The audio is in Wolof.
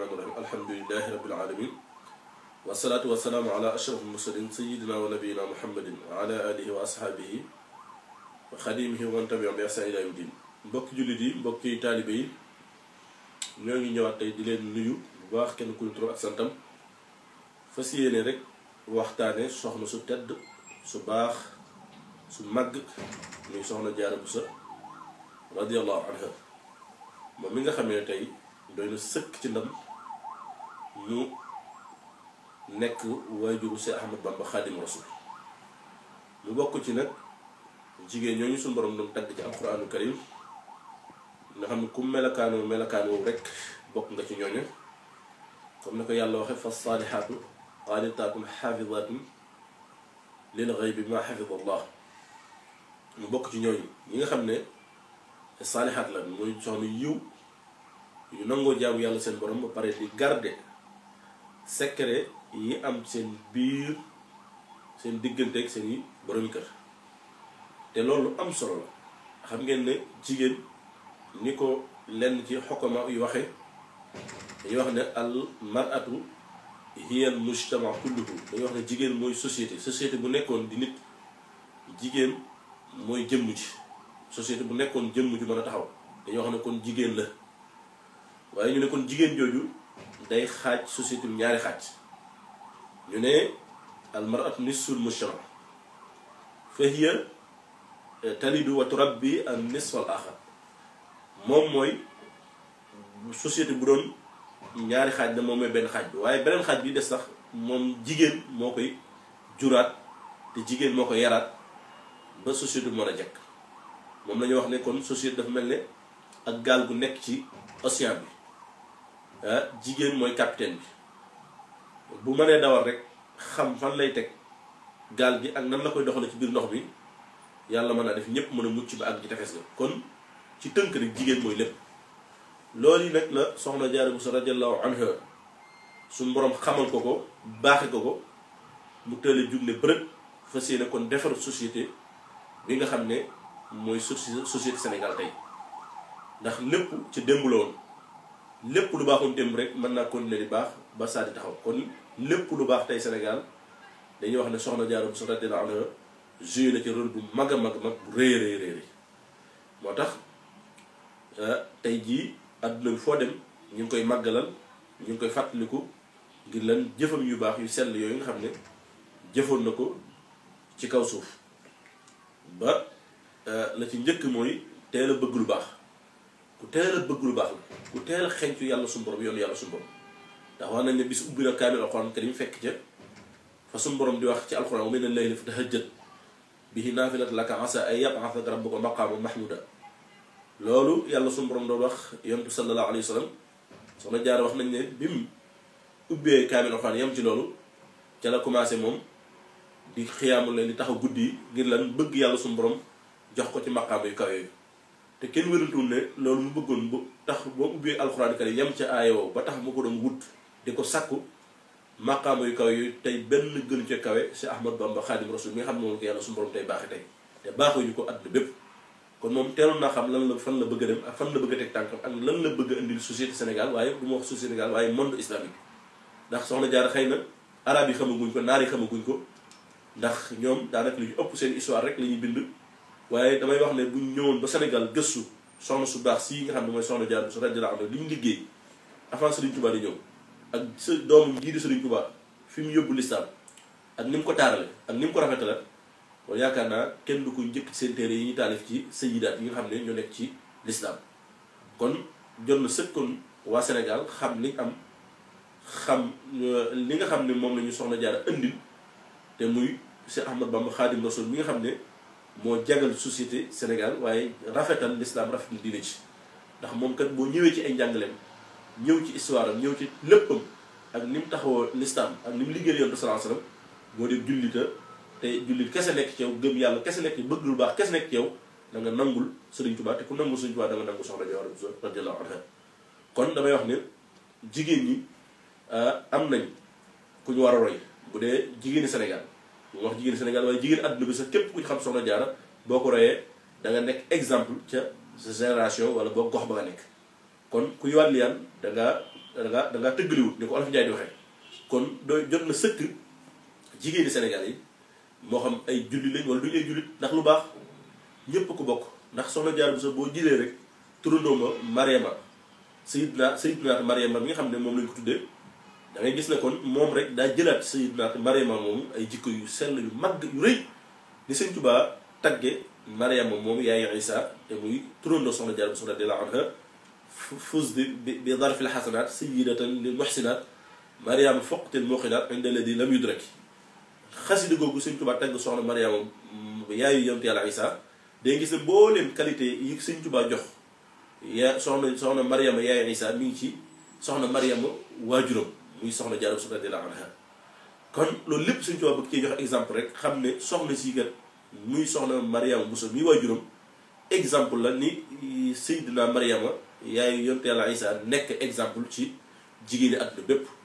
الرحمن الرحيم الحمد لله رب العالمين والصلاة والسلام على أشرف المرسلين سيدنا ونبينا محمد وعلى آله وأصحابه وخديمه ومن تبعهم بإحسان إلى يوم الدين بوك جوليدي بوك طالبين نيوغي نيوات تاي دي لين نيو واخ كين كوي ترو اكسانتام فاسيني رك واختاني سوخنا سو تيد سو باخ سو ماغ مي سوخنا جارو بوسا رضي الله عنها ما ميغا خامي تاي doyna seuk ci ndam mu nekk waajuru Seex Ahmad Bamba Xaadim Rasul mu bokk ci nag jigéen ñooñu suñu borom doon tagg ci alquraanu karim nga xam ne ku melakaanoo melakaanoo rek bokk nga ci ñooñu comme na ko yàlla waxe fa saalihaatu qaanitaatum xaafidaatun lil xaybi ma xafida allah mu bokk ci ñooñu ñi nga xam ne saalihaat la mooy soxna yiw yu nangoo jaamu yàlla seen borom ba pare di garder secret yi am seen biir seen diggante ak seen i borom kër te loolu am solo la xam ngeen ne jigéen ni ko lenn ci xokama yu waxe dañuy wax ne al maratu hiyal mujtama kulluhu dañuy wax ne jigéen mooy société société bu nekkoon di nit jigéen mooy jëmm ji société bu nekkoon jëmm ji mën a taxaw dañuy wax ne kon jigéen la waaye ñu ne kon jigéen jooju day xaaj société bi ñaari xaaj ñu ne almaratu nisful mujtama fa hiya talidu wa turabbi an nisf al moom mooy bu société bu doon ñaari xaaj la moom mooy benn xaaj bi waaye beneen xaaj bi des sax moom jigéen moo koy juraat te jigéen moo koy yaraat ba société bi mën a jekk moom la wax nekkoon kon société dafa mel ne ak gaal gu nekk ci océan bi Ah, jigéen mooy capitaine bi bu mënee dawal rek xam fan lay teg gaal gi ak nan la koy doxale ci biir ndox bi yàlla mën naa def ñëpp mën a mucc ba ak ji tefes ga kon ci tënk jigéen mooy lépp loolu yi nag la soxna jaare bu Jaara Buso radiyallahu anha su borom xamal ko ko baaxe ko ko mu tële jug ne bërëb fas kon defaru société bi nga xam ne mooy société Sénégal tey ndax lépp ci démb la lépp lu baaxoon démb rek mën naa continuer di baax ba saa di taxaw kon lépp lu baax tey Sénégal dañuy wax ne soxla Diarra Bousso radiyallahu am joué na ci rôle bu mag mag mag bu rëy rëy moo tax euh, tey jii adduna ñu ngi koy màggalal ñu ngi koy fàttaliku ngir lan jëfam yu baax yu sell yooyu nga xam ne jëfoon na ko ci kaw suuf ba euh, la ci njëkk mooy teel a bëgg lu baax. ku teel a bëgg lu baax la ku teel a xeeñtu yàlla borom yoon yalla sun borom da wax nañ ne bis ubbi na kaamil alxuraan karim fekk ci fa sun borom di wax ci alxuraan wa mina layli fatahajjad bihi nafilat laka asa an yab'ath rabbuka maqama mahmuda lolu yalla sun borom do wax yantu sallallahu alayhi wasallam sallam jaar wax nañ ne bim ubbe kamil alxuraan yam ci lolu ci la commencé mom di xiyamul leen di taxaw guddii ngir lan bëgg yàlla sun borom jox ko ci maqaam yu kaw te kenn wératul ne loolu mu bëggoon bu tax boo ubbee alxuraan kari yam ca aayoo ba tax mu ko doon wut di ko sakku maqaama yu kawe yu tey benn gën ca kawe si Ahmad Bamba Xaadim Rasul mi nga xam ne moom ko yàlla suñu borom tey baaxi tey te ñu ko àdduna bépp kon moom teeloon naa xam lan la fan la bëgg a dem ak fan la bëgg a teg tànkam ak lan la bëgg a indil société Sénégal waaye du ma wax société Sénégal waaye monde islamique ndax soxna jaar xëy na arab yi xamaguñ ko naar yi xamaguñ ko ndax ñoom daanaka li ñu ëpp seen histoire rek la ñuy bind waaye damay wax ne bu ñu ñëwoon ba Sénégal gëstu soxna su baax si nga xam ne mooy soxna jaar bi su rajo la am li ñu liggéey avant Serigne Touba di ñëw ak sa jii di Serigne fi mu yóbbu lislaam ak ni mu ko taarale ak ni ko rafetale kon yaakaar naa kenn du njëkk ci yi ñu taalif ci sayyidaat yi nga xam ne ñoo nekk ci lislaam kon jot na waa Sénégal xam li am xam euh, li nga xam ne moom la ñu soxna jaar andil te muy Cheikh Ahmad Bamba Xaadim Rasul mi nga xam ne. moo jagal société Sénégal waaye rafetal l'islam rafetal diine ci ndax moom kat boo ñëwee ci ay njàngaleem ñëw ci histoire am ñëw ci léppam ak ni mu taxawoo l'islam ak ni mu liggéeyal yoon sallallahu alayhi wasallam boo dee jullita te jullit kese nekk ci yow gëm yàlla kese nekk bëgg lu baax kese nekk ci yow da nga nangul Sëriñ Tuubaa te ku nangul Sëriñ Tuubaa da nga nangu soxla Jaara Buso radiyallahu anha kon damay wax ne jigéen ñi ah, am nañ ku ñu war a roy bu dee jigéeni Sénégal mu wax jigéen Sénégal waaye jigéen àdduna bi sax képp ku xam soxna jaara boo ko royee danga nekk exemple ca sa génération wala boo gox ba nga nekk kon ku yowaat liyaan da ngaa da ngaa da ngaa tëggaliwut ni ko olof Njaay di kon dooy jot na sëkk jigéeni Sénégal yi moo xam ay julli lañ wala du ay jullit ndax lu baax ñépp ko bokk ndax soxna jaara bi sax boo jilee rek turandooma Mariama Sayidna Sayidna Mariama bi nga xam ne moom lañ ko tuddee da ngay gis ne kon moom rek daa jëlaat sayidna mariama moom ay jikko yu sell yu mag yu rëy ni sëñ tuba tagge mariama moom yaay isa te muy turandoo soxna jaara Buso radiyallaahu anha fuz bi bi darfil xasanaat sayidatan lil muxsinaat mariama foqtil muqinaat inda alladi lam yudrak xasida googu sëñ tuba tagg soxna mariama yaayu yonent yàlla isa day gis ne mbooleem qualité yi sëñ tuba jox ya soxna soxna mariama yaay isa mi ngi ci soxna mariama waajuram muy soxna Jaara Buso radiyallaahu anha kon loolu lépp suñu coow bëgg cee jox exemple rek xam ne soxla si kat muy soxna Mariama Buso mi waajuram exemple la ni eh, naa Mariama yaay yonte yàlla Isaa nekk exemple ci jigéeni àdduna bépp